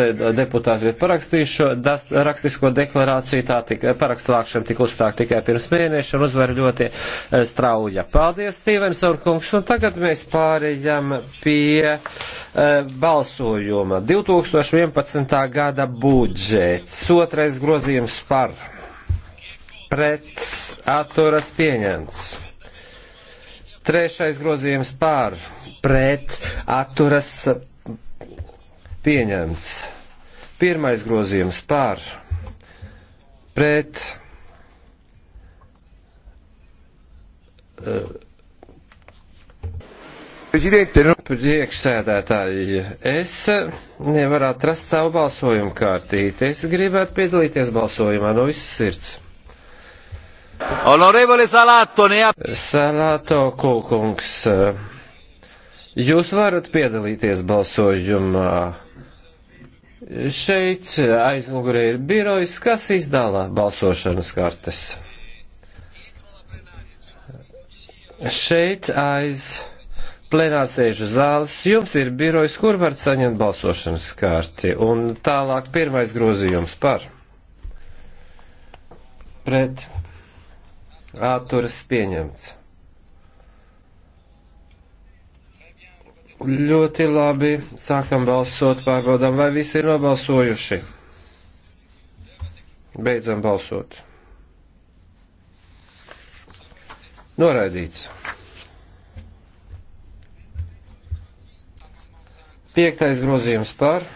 Eh, deputāti ir parakstījuši šo das, rakstisko deklarāciju, tā eh, tika parakstu vākšana tika uzstāk tikai pirms mēneša un uzvar ļoti eh, strauja. Paldies, Stīvens Orkungs, un tagad mēs pārējām pie uh, balsojuma. 2011. gada budžets, otrais grozījums par, pret, atturas pieņemts. Trešais grozījums pār, pret, atturas pieņemts pieņemts. Pirmais grozījums pār pret Prezidente, nu... Priekšsēdētāji, es nevaru atrast savu balsojumu kārtīti. Es gribētu piedalīties balsojumā no visas sirds. Honorevole Salāto, ne ap... Salāto Kulkungs, jūs varat piedalīties balsojumā. Šeit aizmugurē ir birojs, kas izdala balsošanas kartes. Šeit aiz plenārsēžu zāles jums ir birojs, kur varat saņemt balsošanas karti. Un tālāk pirmais grozījums par. Pret. Atturas pieņemts. Ļoti labi. Sākam balsot, pārbaudām, vai visi ir nobalsojuši. Beidzam balsot. Noraidīts. Piektais grozījums par,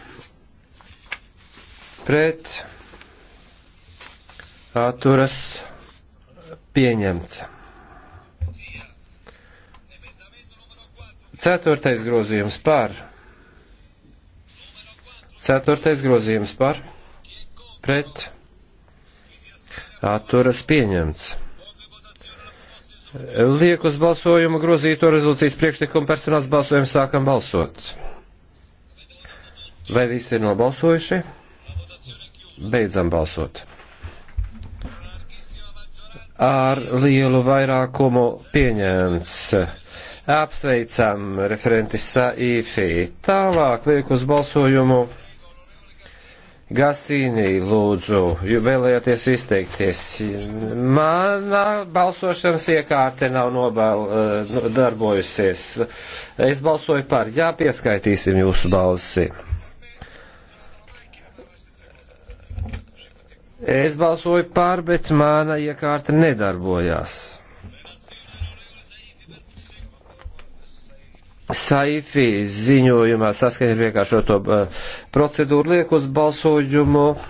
pret, atturas, pieņemts. Ceturtais grozījums par. Ceturtais grozījums par. Pret. Atturas pieņemts. Liek uz balsojumu grozīto rezolūcijas priekšlikumu personāls balsojumu sākam balsot. Vai visi ir nobalsojuši? Beidzam balsot. Ar lielu vairākumu pieņemts. Apsveicam referenti Saifī. Tālāk liek uz balsojumu Gasīnī, lūdzu, jo vēlējāties izteikties. Mana balsošanas iekārte nav nobal, eh, nu, darbojusies. Es balsoju par, jā, pieskaitīsim jūsu balsi. Es balsoju par, bet mana iekārta nedarbojās. Saifī ziņojumā saskaņā ar vienkāršoto uh, procedūru liek uz balsojumu uh,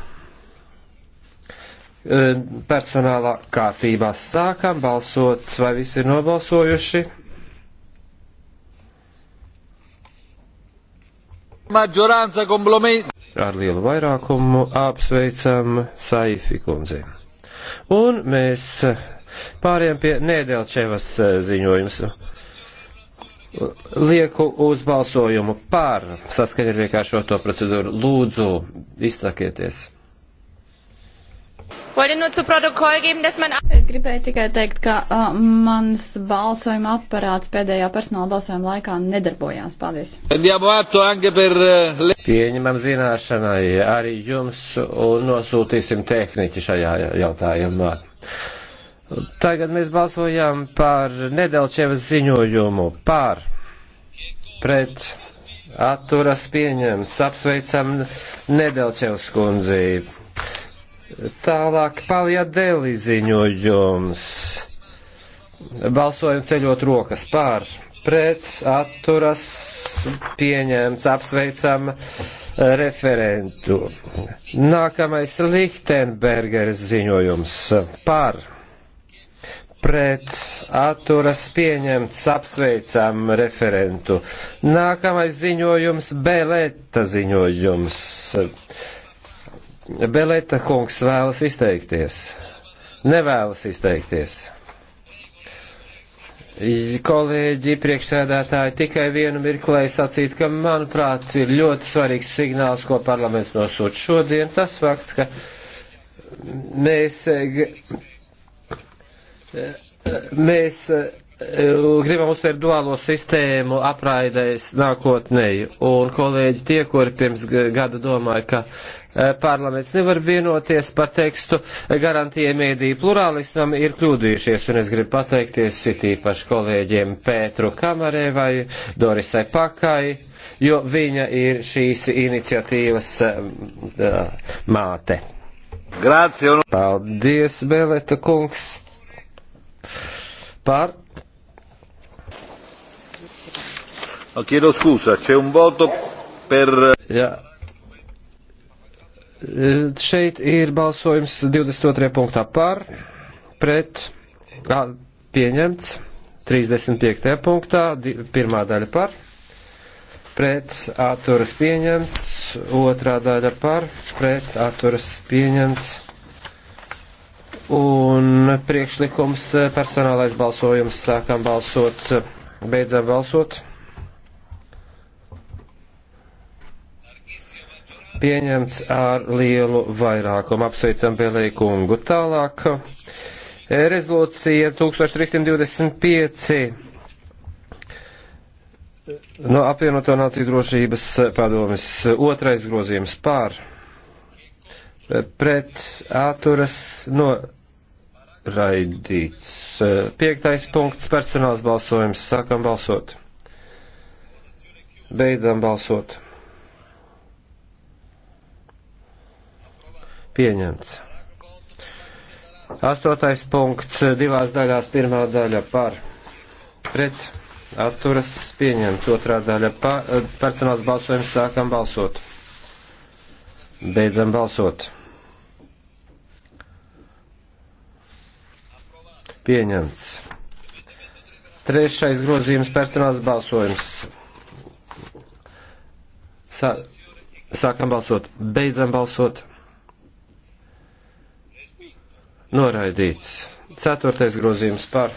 personālā kārtībā sākam balsot, vai visi ir nobalsojuši. Ar lielu vairākumu apsveicam Saifi kundzi. Un mēs pāriem pie Nēdelčevas uh, ziņojums. Lieku uz balsojumu par saskaņu ar vienkāršoto procedūru. Lūdzu, izsakieties. Es gribēju tikai teikt, ka uh, mans balsojuma aparāts pēdējā personāla balsojuma laikā nedarbojās. Paldies. Eh, Pieņemam zināšanai arī jums un nosūtīsim tehniķi šajā jautājumā. Tagad mēs balsojam par Nedelčevas ziņojumu pār pret atturas pieņemts. Apsveicam Nedelčevas kundzi. Tālāk paljadeli ziņojums. Balsojam ceļot rokas pār pret atturas pieņemts. Apsveicam eh, referentu. Nākamais Lichtenbergeres ziņojums par pret atturas pieņemts apsveicam referentu. Nākamais ziņojums - Belēta ziņojums. Belēta kungs vēlas izteikties. Nevēlas izteikties. Kolēģi, priekšsēdētāji, tikai vienu mirklē sacīt, ka, manuprāt, ir ļoti svarīgs signāls, ko parlaments nosūta šodien. Tas fakts, ka mēs mēs gribam uzsvērt duālo sistēmu apraidēs nākotnēji. Un kolēģi tie, kuri pirms gada domāja, ka parlaments nevar vienoties par tekstu garantija mēdīju plurālismam, ir kļūdījušies. Un es gribu pateikties citīpaši kolēģiem Pētru Kamarē vai Dorisai Pakai, jo viņa ir šīs iniciatīvas māte. Grācija. Paldies, Beleta kungs. Par. Chiedo scusa, c'è un voto per. Jā. Eh, šeit ir balsojums 22. punktā par, pret, a, pieņemts, 35. punktā, di, pirmā daļa par, pret, atturas pieņemts, otrā daļa par, pret, atturas pieņemts. Un priekšlikums eh, personālais balsojums sākam balsot, beidzam balsot. Pieņemts ar lielu vairākumu. Apsveicam Belēju kungu. Tālāk. Eh, rezolūcija 1325 no apvienoto nāciju drošības padomis. Otrais grozījums pār. Eh, pret āturas no noraidīts. Eh, piektais punkts - personāls balsojums. Sākam balsot. Beidzam balsot. Pieņemts. Astotais punkts divās daļās. Pirmā daļa par pret atturas pieņemts. Otrā daļa par eh, personāls balsojums. Sākam balsot. Beidzam balsot. Pieņemts. Trešais grozījums personāls balsojums. Sā, sākam balsot, beidzam balsot. Noraidīts. Ceturtais grozījums par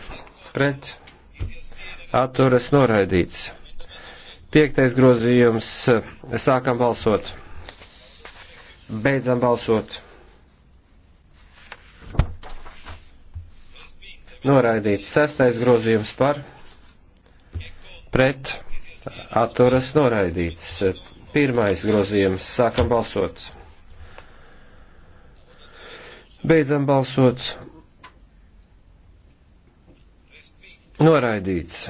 pret. Atturas noraidīts. Piektais grozījums. Sākam balsot. Beidzam balsot. noraidīts. Sestais grozījums par pret atturas noraidīts. Pirmais grozījums. Sākam balsot. Beidzam balsot. Noraidīts.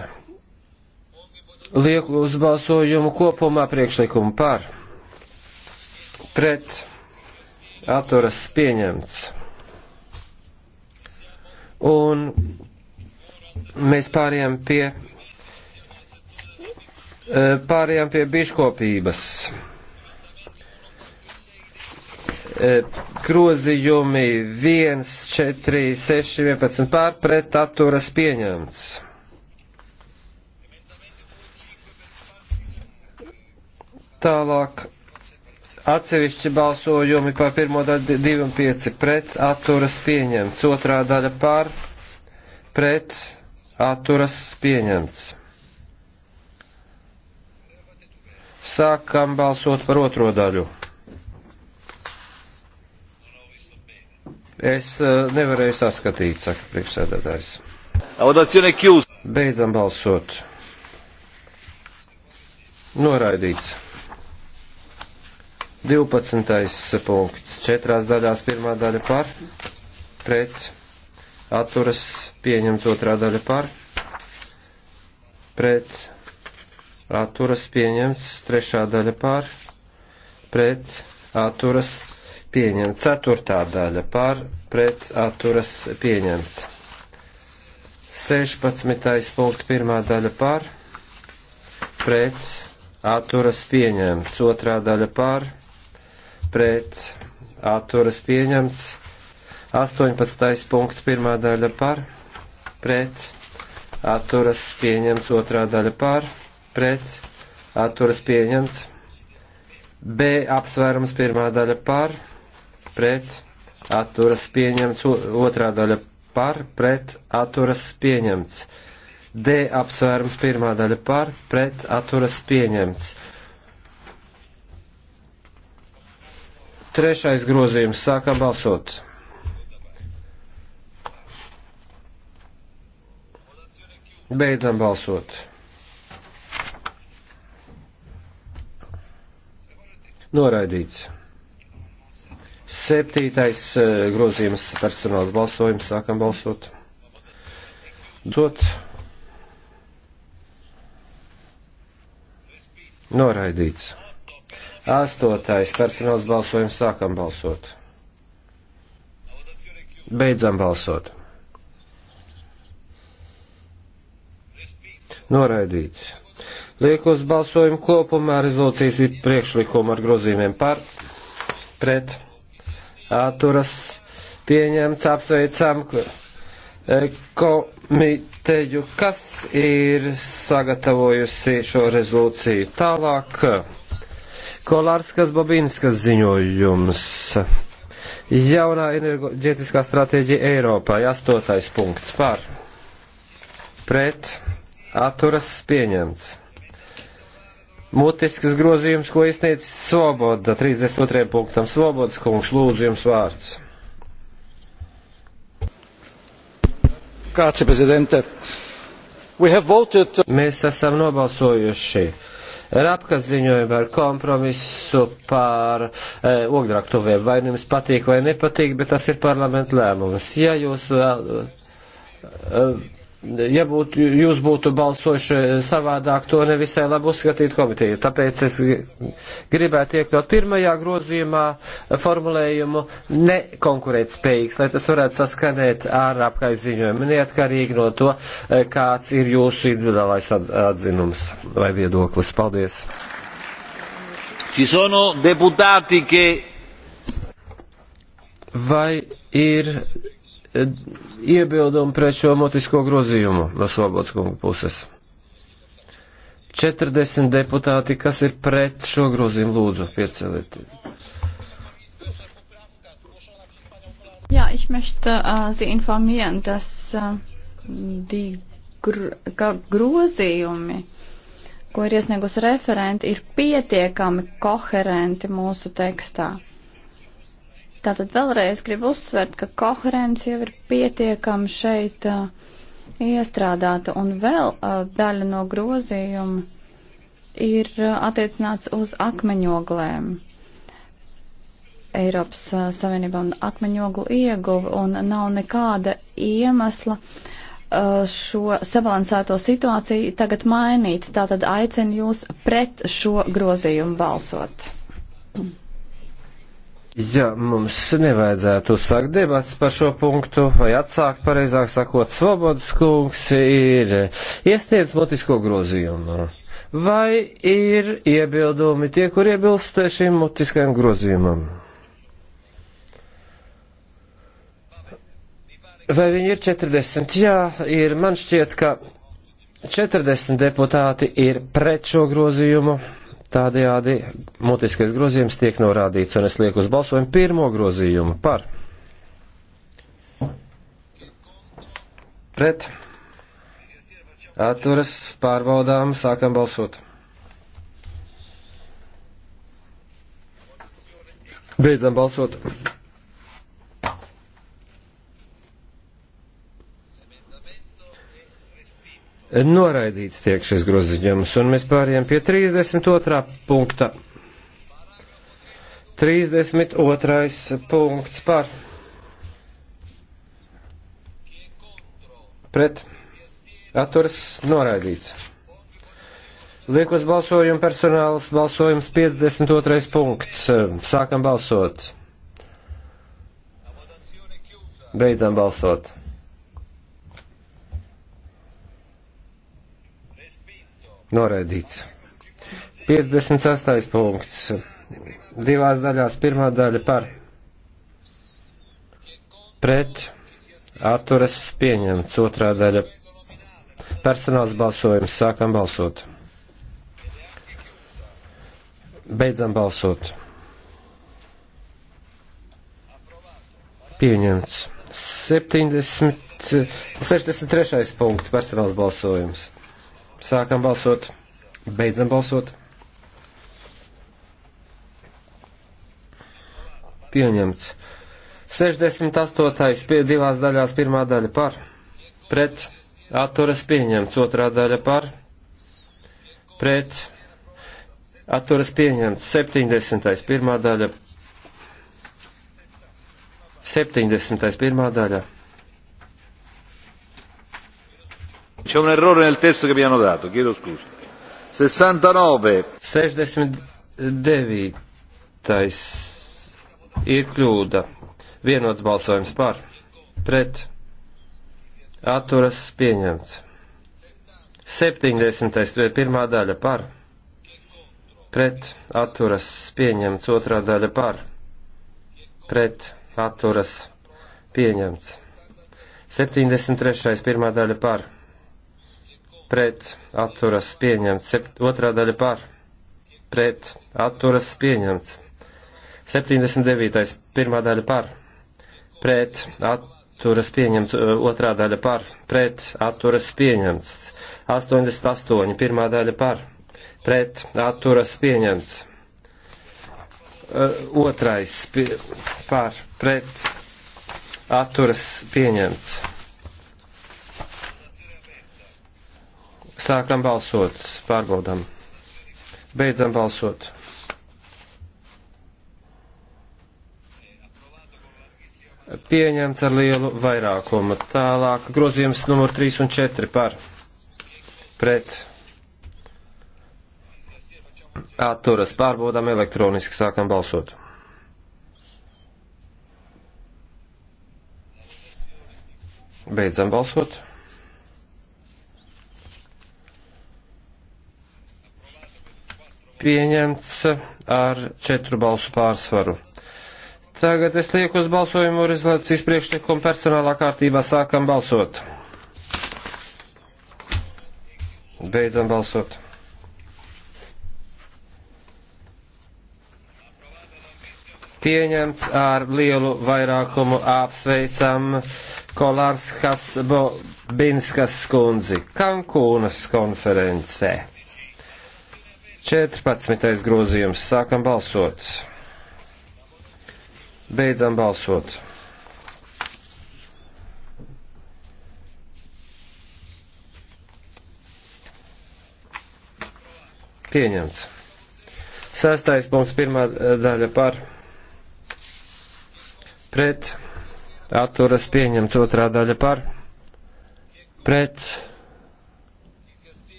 Lieku uz balsojumu kopumā priekšlikumu par. Pret. Atturas pieņemts. Un mēs pārējām pie, e, pārējām pie biškopības. E, grozījumi 1, 4, 6, 11 pārpret atturas pieņemts. Tālāk Atsevišķi balsojumi par pirmo daļu 2 un 5 pret atturas pieņemts. Otrā daļa par pret atturas pieņemts. Sākam balsot par otro daļu. Es eh, nevarēju saskatīt, saka priekšsēdētājs. Beidzam balsot. Noraidīts. 12. punkts. Četrās daļās pirmā daļa par, pret, atturas, pieņemts otrā daļa par, pret, atturas, pieņemts trešā daļa par, pret, atturas, pieņemts ceturtā daļa par, pret, atturas, pieņemts. 16. punkts pirmā daļa par, pret, atturas, pieņemts otrā daļa par, pret atturas pieņemts. 18. punkts pirmā daļa par pret atturas pieņemts. Otrā daļa par pret atturas pieņemts. B apsvērums pirmā daļa par pret atturas pieņemts. Otrā daļa par pret atturas pieņemts. D apsvērums pirmā daļa par pret atturas pieņemts. Trešais grozījums. Sākam balsot. Beidzam balsot. Noraidīts. Septītais eh, grozījums personāls balsojums. Sākam balsot. Dot. Noraidīts. Astotais personāls balsojums sākam balsot. Beidzam balsot. Noraidīts. Liek uz balsojumu kopumā rezolūcijas priekšlikumu ar grozījumiem par, pret, atturas, pieņemts, apsveicam eh, komiteju, kas ir sagatavojusi šo rezolūciju tālāk. Kolārskas Babīnskas ziņojums. Jaunā enerģētiskā stratēģija Eiropā, astotais punkts par. Pret atturas pieņemts. Mutisks grozījums, ko izteicis Svoboda, 32. punktam. Svobodas kungs, lūdzu jums vārds. Kāds ir prezidente? Voted... Mēs esam nobalsojuši Rapkas ziņojumu ar kompromisu pār e, ogļraktuviem. Vai nu jums patīk vai nepatīk, bet tas ir parlamenta lēmums. Ja jūs vēl. E, e, ja būtu, jūs būtu balsojuši savādāk, to nevisai labi uzskatītu komiteju. Tāpēc es gribētu iekļaut pirmajā grozījumā formulējumu nekonkurēt spējīgs, lai tas varētu saskanēt ar apkaiziņojumu, neatkarīgi no to, kāds ir jūsu individuālais atzinums vai viedoklis. Paldies! Ci sono deputati che... Vai ir iebildumi pret šo motisko grozījumu no Svobodas kunga puses? 40 deputāti, kas ir pret šo grozījumu, lūdzu, pieceliet. Ja, ich möchte äh, Sie informieren, dass äh, die gr grozījumi, ko ir iesniegus referenti, ir pietiekami koherenti mūsu tekstā. Tātad vēlreiz gribu uzsvert, ka koherence jau ir pietiekama šeit uh, iestrādāta, un vēl uh, daļa no grozījuma ir uh, attiecināts uz akmeņoglēm. Eiropas uh, Savienībā un akmeņoglu ieguva, un nav nekāda iemesla uh, šo sabalansēto situāciju tagad mainīt. Tātad aicinu jūs pret šo grozījumu balsot. Ja mums nevajadzētu uzsākt debats par šo punktu, vai atsākt, pareizāk sakot, Svobodas kungs ir iesniedz mutisko grozījumu. Vai ir iebildumi tie, kur iebilst šim mutiskajam grozījumam? Vai viņi ir 40? Jā, ir. Man šķiet, ka 40 deputāti ir pret šo grozījumu. Tādējādi mutiskais grozījums tiek norādīts, un es lieku uz balsojumu pirmo grozījumu par. Pret. Atturas pārbaudām, sākam balsot. Beidzam balsot. Noraidīts tiek šis groziņums, un mēs pārējām pie 32. punkta. 32. punkts par pret atturs noraidīts. Liek uz balsojumu personāls balsojums 52. punkts. Sākam balsot. Beidzam balsot. Noraidīts. 56. punkts. Divās daļās. Pirmā daļa par. Pret. Atturas pieņemts. Otrā daļa. Personāls balsojums. Sākam balsot. Beidzam balsot. Pieņemts. 70, 63. punkts. Personāls balsojums. Sākam balsot. Beidzam balsot. Pieņemts. 68. pie divās daļās pirmā daļa par. Pret. Atturas pieņemts. Otrā daļa par. Pret. Atturas pieņemts. 70. pirmā daļa. 70. pirmā daļa. C'è un errore nel testo che mi hanno dato, chiedo scusa. 69. 69. Ir kļūda. Vienots balsojums par. Pret. Atturas pieņemts. 70. pirmā daļa par. Pret. Atturas pieņemts. Otrā daļa par. Pret. Atturas pieņemts. 73. pirmā daļa par pret atturas pieņemts, Sept, otrā daļa par pret atturas pieņemts, 79. pirmā daļa par pret atturas pieņemts, otrā daļa par pret atturas pieņemts, 88. pirmā daļa par pret atturas pieņemts, otrais par pret atturas pieņemts. Sākam balsot, pārbaudam. Beidzam balsot. Pieņemts ar lielu vairākumu. Tālāk grozījums numur 3 un 4 par pret atturas pārbaudām elektroniski sākam balsot. Beidzam balsot. pieņemts ar četru balsu pārsvaru. Tagad es lieku uz balsojumu rezolācijas priekšlikumu personālā kārtībā sākam balsot. Beidzam balsot. Pieņemts ar lielu vairākumu apsveicam Kolārskas Bobinskas kundzi Kankūnas konferencē. 14. grozījums. Sākam balsot. Beidzam balsot. Pieņemts. Sestais punkts, pirmā daļa par pret, atturas pieņemts, otrā daļa par pret,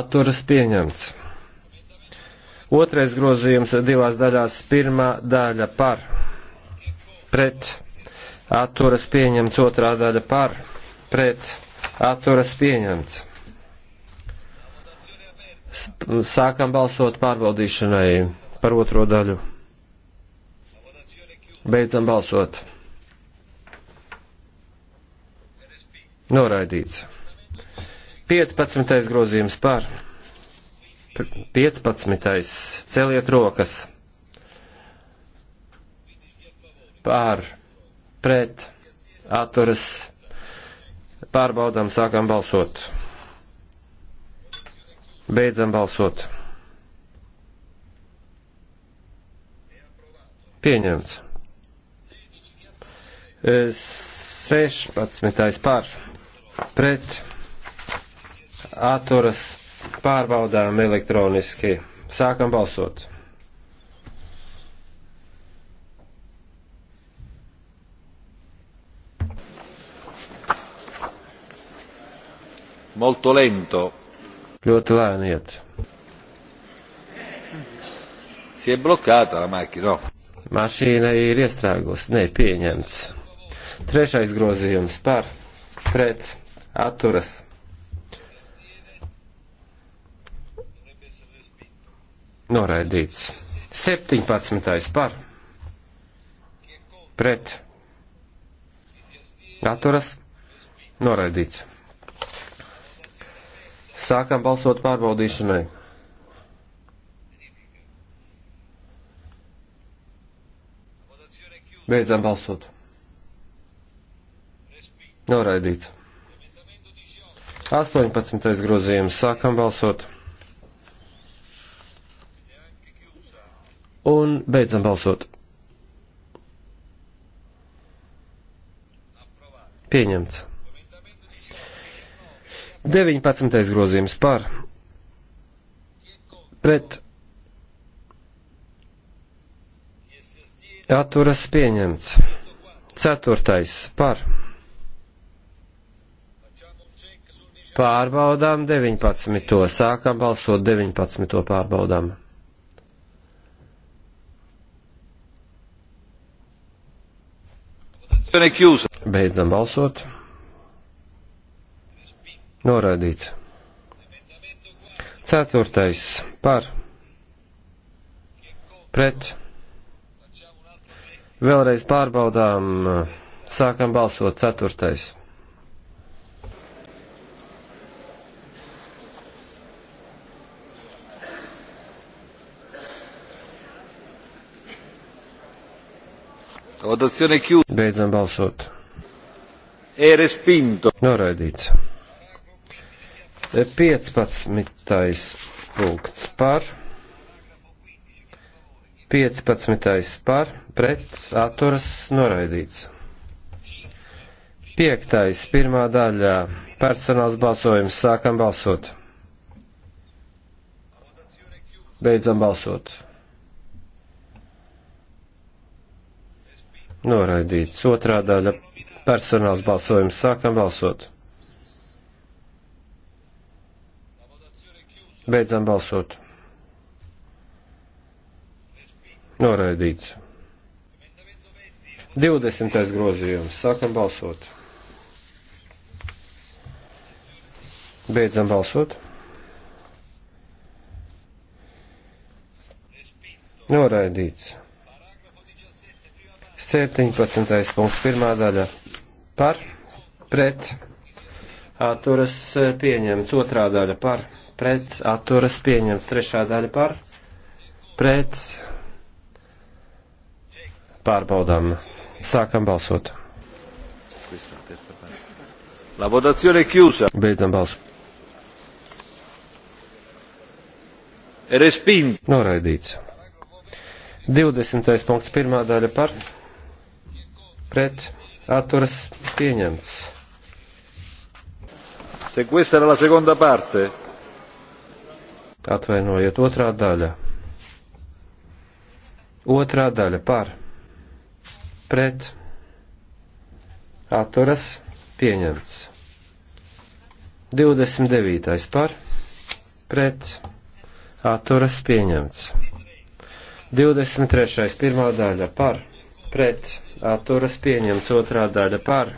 atturas pieņemts. Otrais grozījums divās daļās. Pirmā daļa par. Pret. Atturas pieņemts. Otrā daļa par. Pret. Atturas pieņemts. Sākam balsot pārbaudīšanai par otro daļu. Beidzam balsot. Noraidīts. 15. grozījums par 15. Celiet rokas pār, pret, atturas, pārbaudām, sākam balsot. Beidzam balsot. Pieņemts. 16. par, pret, atturas, pārbaudām elektroniski. Sākam balsot. Molto lento. Ļoti lēni iet. Si è bloccata la macchina, no? Mašīna ir iestrēgusi, ne pieņemts. Trešais grozījums par, pret, atturas Noraidīts. 17. par. Pret. Atturas. Noraidīts. Sākam balsot pārbaudīšanai. Beidzam balsot. Noraidīts. 18. grozījums. Sākam balsot. Un beidzam balsot. Pieņemts. 19. grozījums par pret atturas pieņemts. 4. par pārbaudām 19. sākam balsot 19. pārbaudām. Beidzam balsot. Noraidīts. Ceturtais par. Pret. Vēlreiz pārbaudām. Sākam balsot. Ceturtais. Votazione chiusa. Beidzam balsot. E respinto. Noraidīts. 15. punkts par. 15. par, pret, atturas, noraidīts. 5. pirmā daļā personāls balsojums sākam balsot. Beidzam balsot. Noraidīts. Otrā daļa personāls balsojums. Sākam balsot. Beidzam balsot. Noraidīts. 20. grozījums. Sākam balsot. Beidzam balsot. Noraidīts. 17. punkts, pirmā daļa par, pret, atturas eh, pieņemts, otrā daļa par, pret, atturas pieņemts, trešā daļa par, pret, pārbaudām. Sākam balsot. La votazione è chiusa. Beidzam balsu. E respinto. Noraidīts. 20. punkts, pirmā daļa par pret atturas pieņemts. Se questa era la seconda parte. Atvainojiet, otrā daļa. Otrā daļa par pret atturas pieņemts. 29. par pret atturas pieņemts. 23. pirmā daļa par pret atturas pieņemts otrā daļa par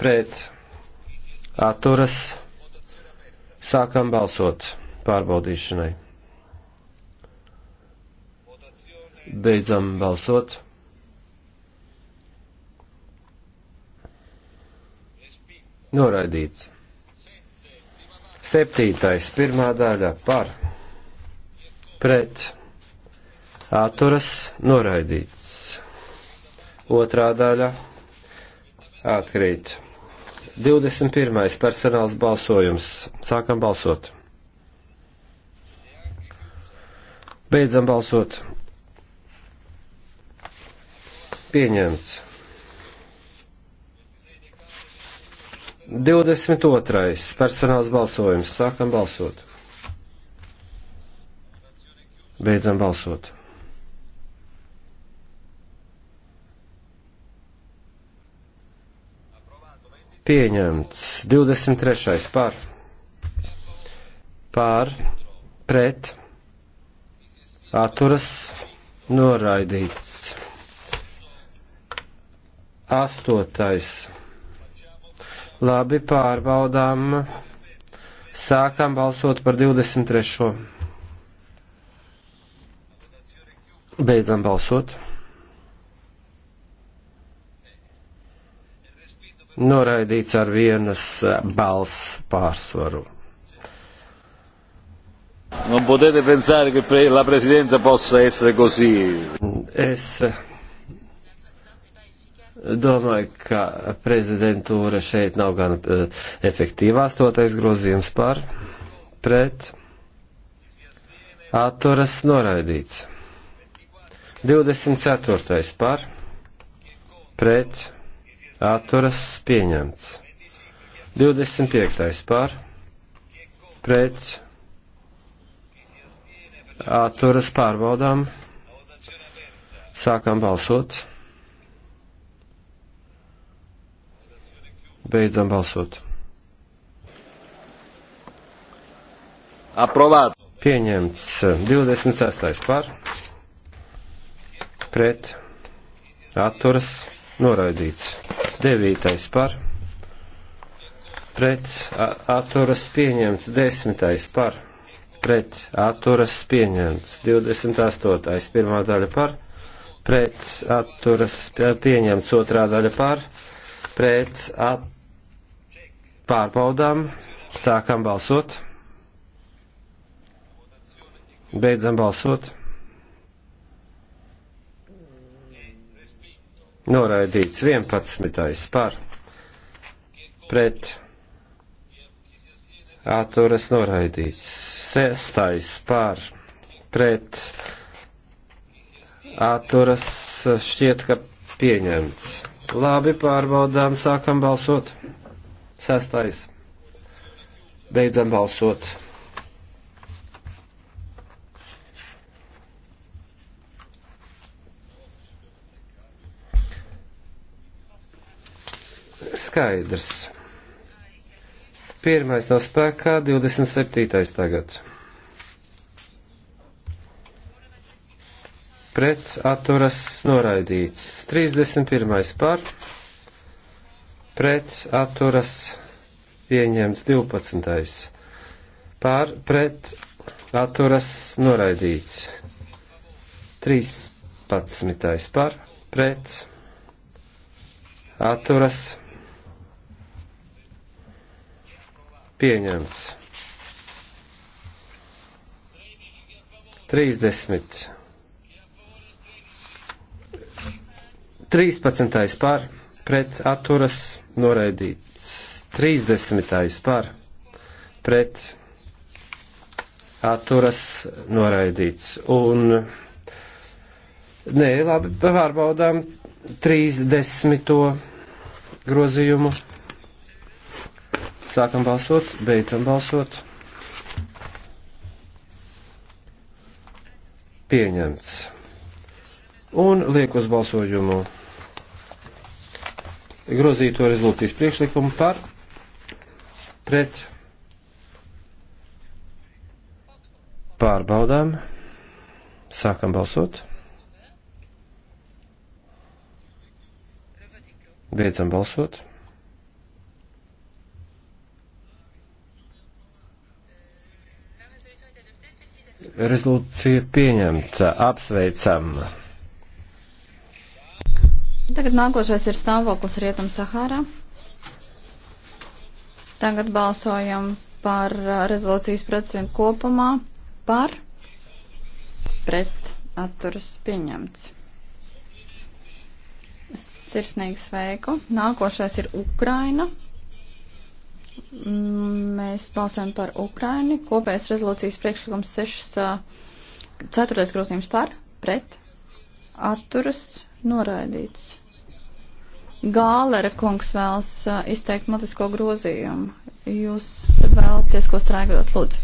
pret atturas sākam balsot pārbaudīšanai. Beidzam balsot. Noraidīts. Septītais, pirmā daļa par pret atturas noraidīts. Otrā daļa atkrīt. 21. personāls balsojums. Sākam balsot. Beidzam balsot. Pieņemts. 22. personāls balsojums. Sākam balsot. Beidzam balsot. pieņemts. 23. par, par, pret, atturas, noraidīts. 8. Labi, pārbaudām. Sākam balsot par 23. Beidzam balsot. noraidīts ar vienas eh, balss pārsvaru. Non potete pensare che pre la presidenza possa essere così. Es eh, domāju, ka prezidentūra šeit nav gan eh, efektīva. Astotais grozījums par, pret, atturas noraidīts. 24. par, pret, atturas pieņemts. 25. par pret atturas pārbaudām. Sākam balsot. Beidzam balsot. Aprovāt. Pieņemts 26. par pret atturas noraidīts. 9. par pret atturas pieņemts 10. par pret atturas pieņemts 28. pirmā daļa par pret atturas pieņemts otrā daļa par pret at pārbaudām sākam balsot beidzam balsot noraidīts 11. par pret atturas noraidīts 6. par pret atturas šķiet, ka pieņemts. Labi, pārbaudām, sākam balsot. 6. Beidzam balsot. skaidrs. Pirmais nav spēkā, 27. tagad. Pret atturas noraidīts. 31. par. Pret atturas pieņems 12. Pār pret atturas noraidīts. 13. par pret atturas noraidīts atturas Pieņemts. 30. 13. par pret atturas noraidīts. 30. par pret atturas noraidīts. Un, nē, labi, pārbaudām 30. grozījumu. Sākam balsot, beidzam balsot. Pieņemts. Un liek uz balsojumu grozīto rezolūcijas priekšlikumu par pret pārbaudām. Sākam balsot. Beidzam balsot. rezolūcija pieņemta. Apsveicam! Tagad nākošais ir stāvoklis Rietum Sahārā. Tagad balsojam par uh, rezolūcijas procentiem kopumā par pret atturas pieņemts. Sirsnīgi sveiku. Nākošais ir Ukraina. Mēs balsojam par Ukraini. Kopējais rezolūcijas priekšlikums 6. 4. grozījums par, pret, atturas, noraidīts. Gālera kungs vēlas izteikt mutisko grozījumu. Jūs vēlaties, ko strāgot, lūdzu.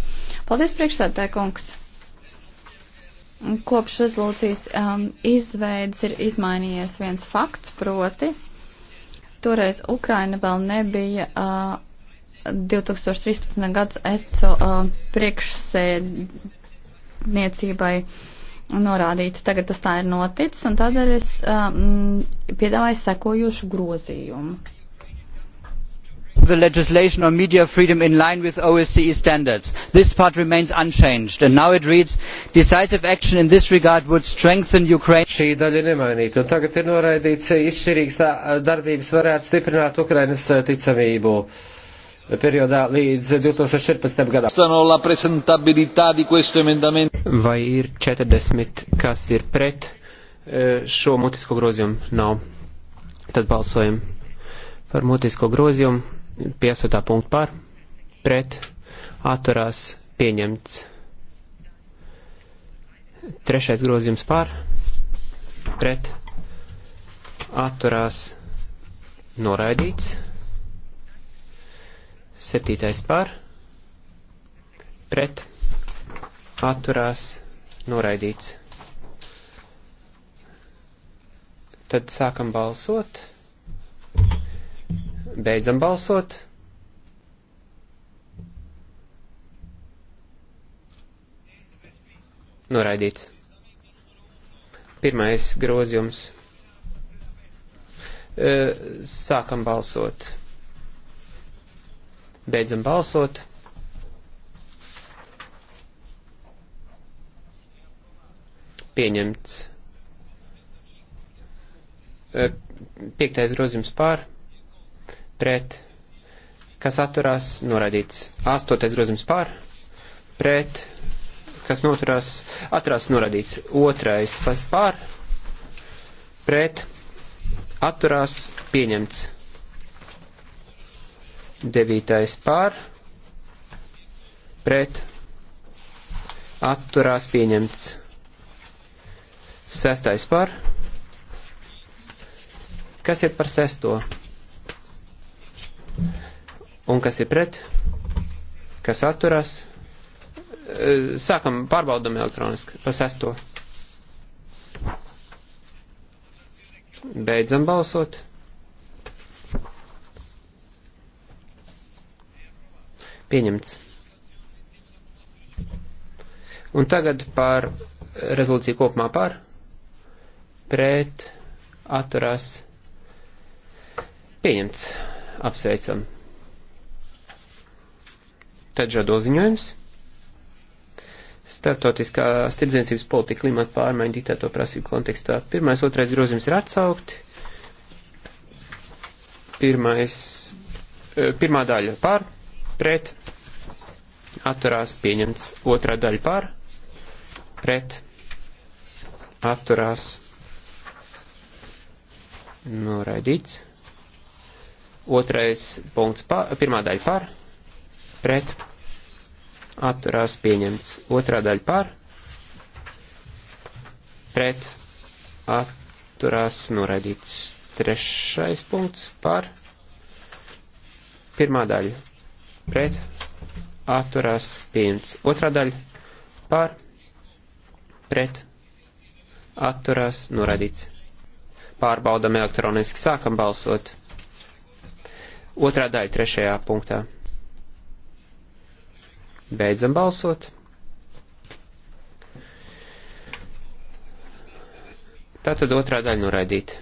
Paldies, priekšsēdētāj kungs. Kopš rezolūcijas um, izveids ir izmainījies viens fakts, proti, toreiz Ukraina vēl nebija uh, 2013. gads ECO uh, priekšsēdniecībai norādīt. Tagad tas tā ir noticis, un tādēļ es um, piedāvāju sekojošu grozījumu. The legislation on media freedom in line with OSCE standards. This part remains unchanged, and now it reads: Decisive action in this regard would strengthen Ukraine. Šī daļa ir nemainīta, un tagad ir noraidīts e, izšķirīgs e, darbības varētu stiprināt Ukrainas e, ticamību. Uh, periodā līdz 2014. gadam. Vai ir 40, kas ir pret e, šo mutisko grozījumu? Nav. Tad balsojam par mutisko grozījumu. 5. punktu par, pret, atturās, pieņemts. Trešais grozījums par, pret, atturās, noraidīts. Septītais par, pret, atturās, noraidīts. Tad sākam balsot, beidzam balsot. Noraidīts. Pirmais grozījums. Sākam balsot. Beidzam balsot. Pieņemts. Piektais grozījums pār. Pret. Kas atturās? Noraidīts. Astotais grozījums pār. Pret. Kas noturās? Atturās noraidīts. Otrais. Pas pār. Pret. Atturās pieņemts. Devītais pār, pret, atturās pieņemts. Sestais pār. Kas ir par sesto? Un kas ir pret? Kas atturās? E, sākam, pārbaudam elektroniski pa sesto. Beidzam balsot. Pieņemts. Un tagad par rezolūciju kopumā par, pret, atturās, pieņemts, apsveicam. Tad žado ziņojums. Startautiskā stirdzniecības politika klimata pārmaiņu diktēto prasību kontekstā. Pirmais, otrais grozījums ir atsaukti. Pirmais, eh, pirmā daļa par pret, atturās pieņemts. Otrā daļa par, pret, atturās noraidīts. Otrais punkts, pa, pirmā daļa par, pret, atturās pieņemts. Otrā daļa par, pret, atturās noraidīts. Trešais punkts par, pirmā daļa pret atturās pieņemts. Otrā daļa par pret atturās noraidīts. Pārbaudam elektroniski, sākam balsot. Otrā daļa trešajā punktā. Beidzam balsot. Tātad otrā daļa noraidīta.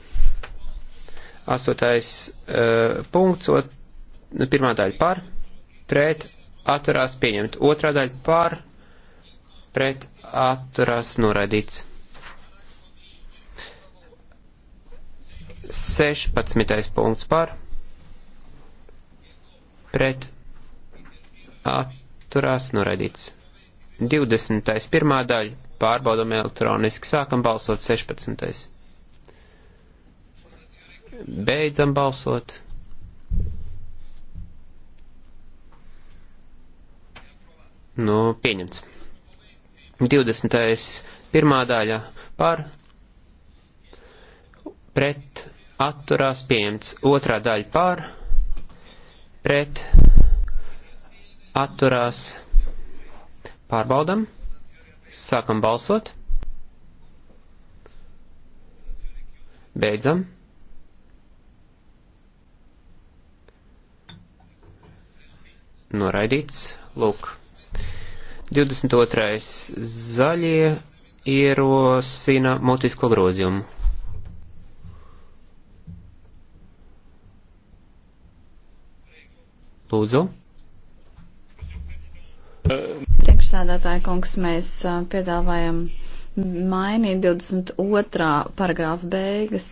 Astotais uh, punkts, ot, nu, pirmā daļa par pret atturās pieņemt. Otrā daļa par pret atturās noraidīts. 16. punkts par pret atturās noraidīts. 20. pirmā daļa pārbaudam elektroniski, sākam balsot 16. Beidzam balsot. Nu, pieņemts. 20. pirmā daļa par, pret, atturās, pieņemts. Otrā daļa par, pret, atturās, pārbaudam, sākam balsot, beidzam. noraidīts. Lūk, 22. zaļie ierosina mutisko grozījumu. Lūdzu. Priekšsēdētāja kungs, mēs piedāvājam mainīt 22. paragrāfa beigas,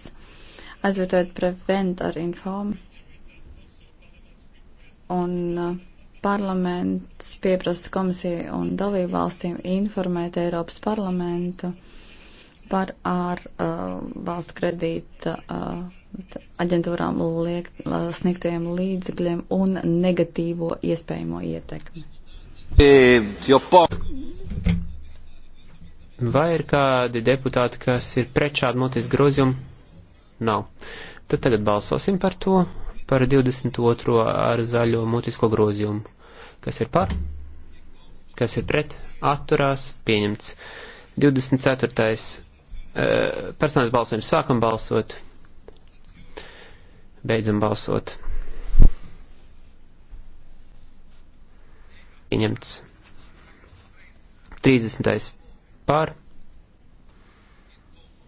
aizvietojot prevent ar informu. Un uh, Parlaments pieprasa komisiju un dalību valstīm informēt Eiropas parlamentu par ar uh, valstu kredīta uh, aģentūrām liek, sniegtajiem līdzekļiem un negatīvo iespējamo ietekmi. E, Vai ir kādi deputāti, kas ir pret šādu mutisku grozījumu? Nav. Tad tagad balsosim par to par 22. ar zaļo mutisko grozījumu. Kas ir par? Kas ir pret? Atturās. Pieņemts. 24. Eh, personāls balsojums. Sākam balsot. Beidzam balsot. Pieņemts. 30. par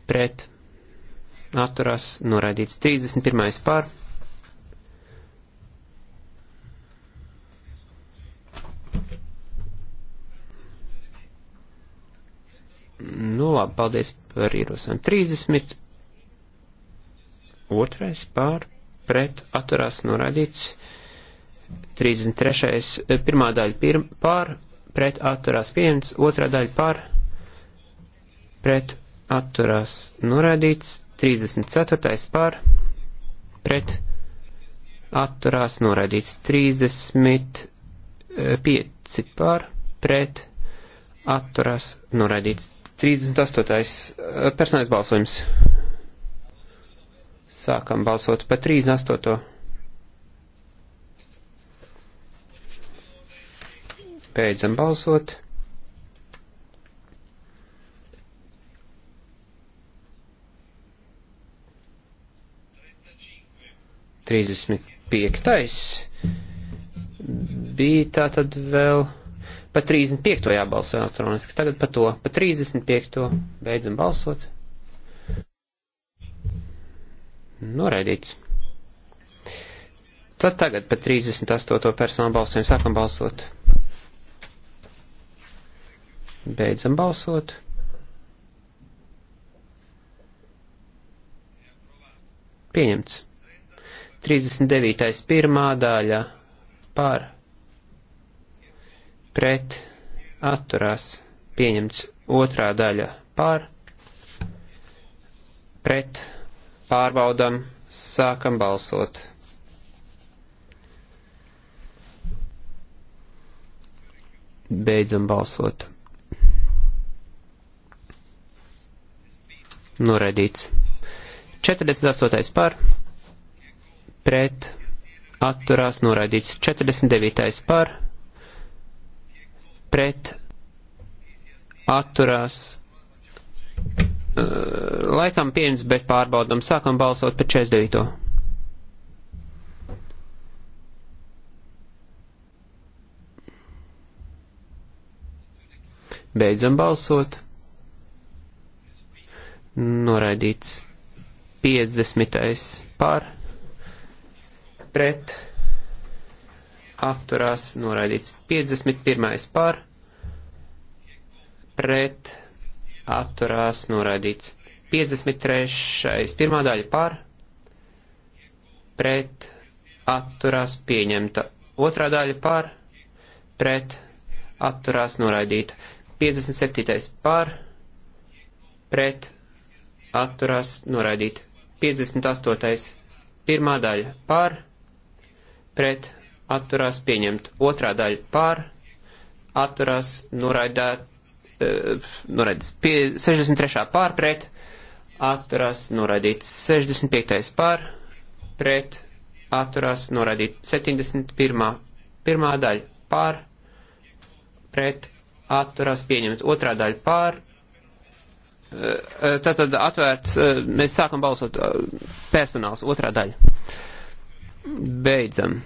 pret atturās noraidīts 31. par Nu, labi, paldies par ierosinājumu. 30. Otrais pār pret atturās norādīts. 33. Eh, pirmā daļa pirm, pār pret atturās pieņemts. Otrā daļa pār pret atturās norādīts. 34. pār pret atturās norādīts. 35. pār pret atturās norādīts. 38. Eh, personais balsojums. Sākam balsot pa 38. Beidzam balsot. Trīsdesmit piektais bija tātad vēl Pa 35. jābalso elektroniski. Tagad pa to. Pa 35. Beidzam balsot. Noraidīts. Tad tagad pa 38. personāla balsojumu sākam balsot. Beidzam balsot. Pieņemts. 39. pirmā daļa par pret atturās pieņemts otrā daļa pār, pret pārbaudam, sākam balsot. Beidzam balsot. Noraidīts. 48. par, pret, atturās, noraidīts. 49. par, pret atturās uh, laikam pieņems, bet pārbaudam. Sākam balsot par 49. Beidzam balsot. Noraidīts 50. par pret atturās noraidīts 51. par, pret, atturās noraidīts 53. pirmā daļa par, pret, atturās pieņemta, otrā daļa par, pret, atturās noraidīta, 57. par, pret, atturās noraidīta, 58. pirmā daļa par, pret, atturās pieņemt. Otrā daļa pār, atturās noraidāt, uh, eh, noraidīts. Pie, 63. pār pret, atturās noraidīts. 65. pār pret, atturās noraidīt. 71. pirmā daļa pār pret, atturās pieņemt. Otrā daļa pār. Uh, Tātad atvērts, uh, mēs sākam balsot personāls, otrā daļa. Beidzam.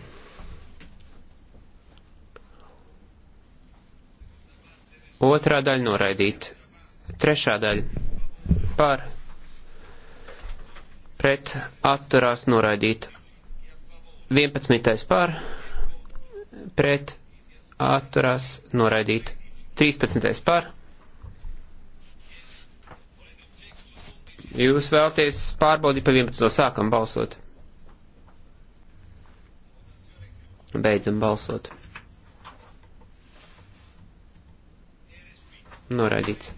Otrā daļa noraidīt. Trešā daļa par pret atturās noraidīt. 11. par pret atturās noraidīt. 13. par. Jūs vēlties pārbaudīt pa 11. sākam balsot. Beidzam balsot. noraidīts.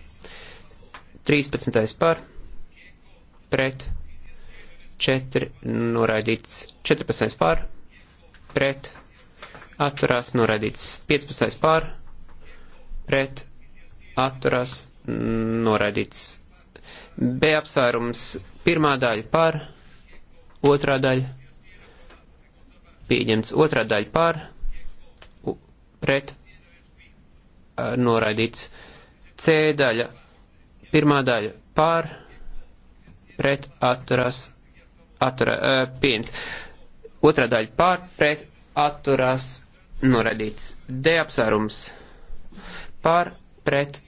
13. par, pret, 4 noraidīts, 14. par, pret, atturās noraidīts, 15. par, pret, atturās noraidīts. B apsvērums pirmā daļa par, otrā daļa pieņemts, otrā daļa par, pret, noraidīts. C daļa, pirmā daļa pār, pret atturās, atturā, uh, pieņems. Otrā daļa pār, pret atturās, noraidīts. D apsvērums pār, pret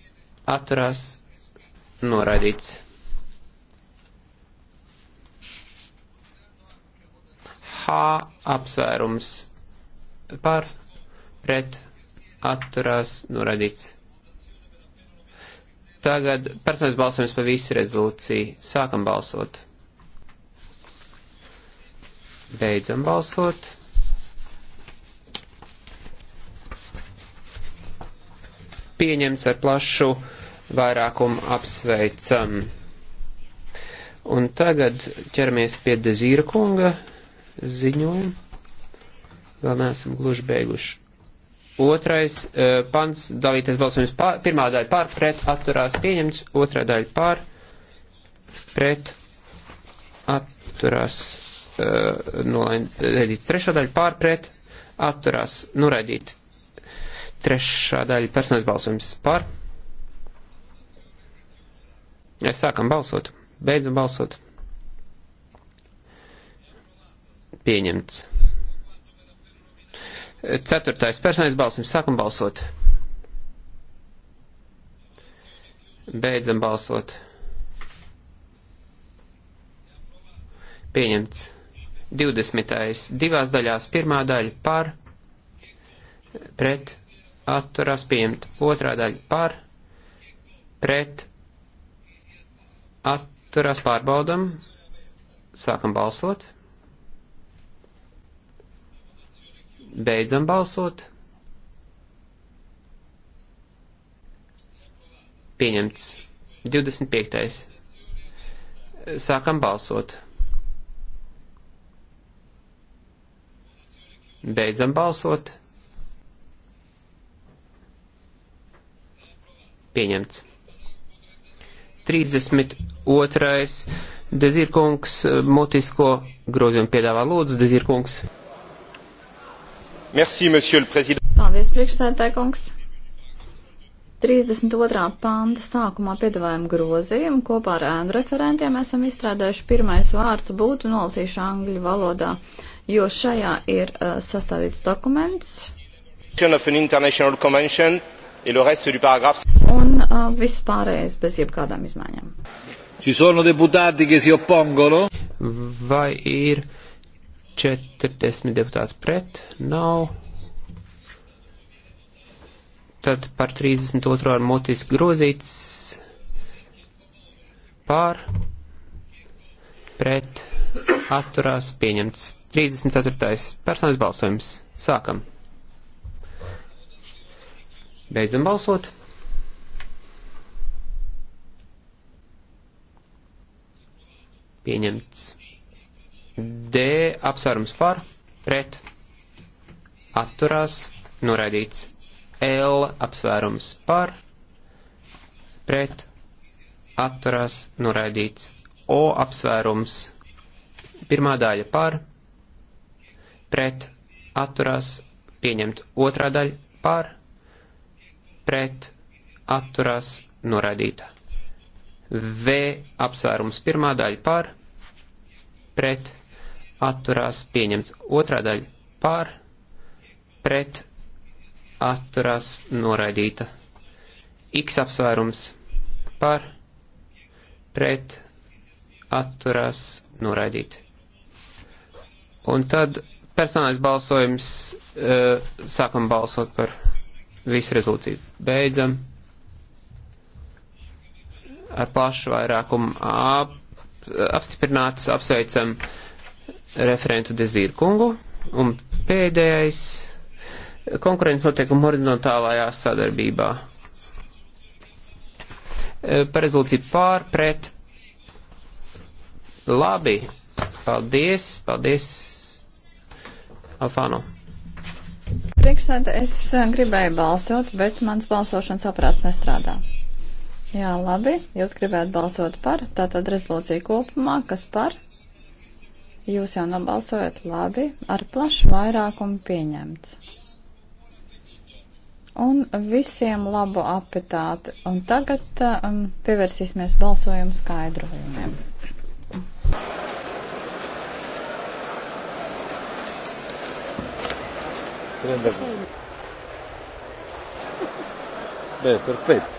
atturās, noraidīts. H apsvērums par pret atturās norādīts. Tagad personas balsojums par visu rezolūciju. Sākam balsot. Beidzam balsot. Pieņemts ar plašu vairākumu apsveicam. Un tagad ķeramies pie Dezīra kunga ziņojuma. Vēl neesam gluži beiguši. Otrais eh, pants dalīties balsojums pār, pirmā daļa pār, pret, atturās pieņemts, otrā daļa pār, pret, atturās uh, eh, noraidīts, trešā daļa pār, pret, atturās noraidīts, trešā daļa personas balsojums pār. Mēs sākam balsot, beidzam balsot. Pieņemts. Ceturtais personais balsums. Sākam balsot. Beidzam balsot. Pieņemts. 20. divās daļās. Pirmā daļa par, pret, atturās pieņemt. Otrā daļa par, pret, atturās pārbaudam. Sākam balsot. Beidzam balsot. Pieņemts. 25. Sākam balsot. Beidzam balsot. Pieņemts. 32. Dezirkungs mutisko grozījumu piedāvā lūdzu. Dezirkungs. Merci, monsieur le président. Paldies, priekšsēdētāj kungs. 32. panta sākumā piedāvājumu grozījumu kopā ar ēnu referentiem esam izstrādājuši pirmais vārds būtu nolasīšu angļu valodā, jo šajā ir uh, sastādīts dokuments. Un uh, vispārējais bez jebkādām izmaiņām. Vai ir 40 deputāti pret, nav. Tad par 32 ar motisku grozīts pār, pret, atturās, pieņemts. 34. personas balsojums. Sākam. Beidzam balsot. Pieņemts. D apsvērums par, pret, atturās, noraidīts. L apsvērums par, pret, atturās, noraidīts. O apsvērums pirmā daļa par, pret, atturās, pieņemt. Otrā daļa par, pret, atturās, noraidīta. V apsvērums pirmā daļa par, pret, atturās pieņemts. Otrā daļa pār, pret, atturās noraidīta. X apsvērums pār, pret, atturās noraidīta. Un tad personālais balsojums, e, sākam balsot par visu rezolūciju. Beidzam ar plašu vairākumu ap, apstiprināts, apsveicam referentu Dezīru kungu un pēdējais konkurences noteikumu horizontālajā sadarbībā. E, par rezolūciju pār, pret. Labi. Paldies, paldies. Alfāno. Priekšsēdē es e, gribēju balsot, bet mans balsošanas aparāts nestrādā. Jā, labi. Jūs gribētu balsot par. Tātad rezolūcija kopumā, kas par? Jūs jau nobalsojat labi, ar plašu vairākumu pieņemts. Un visiem labu apetāti. Un tagad um, pievērsīsimies balsojumu skaidrojumiem. Beh, perfetto.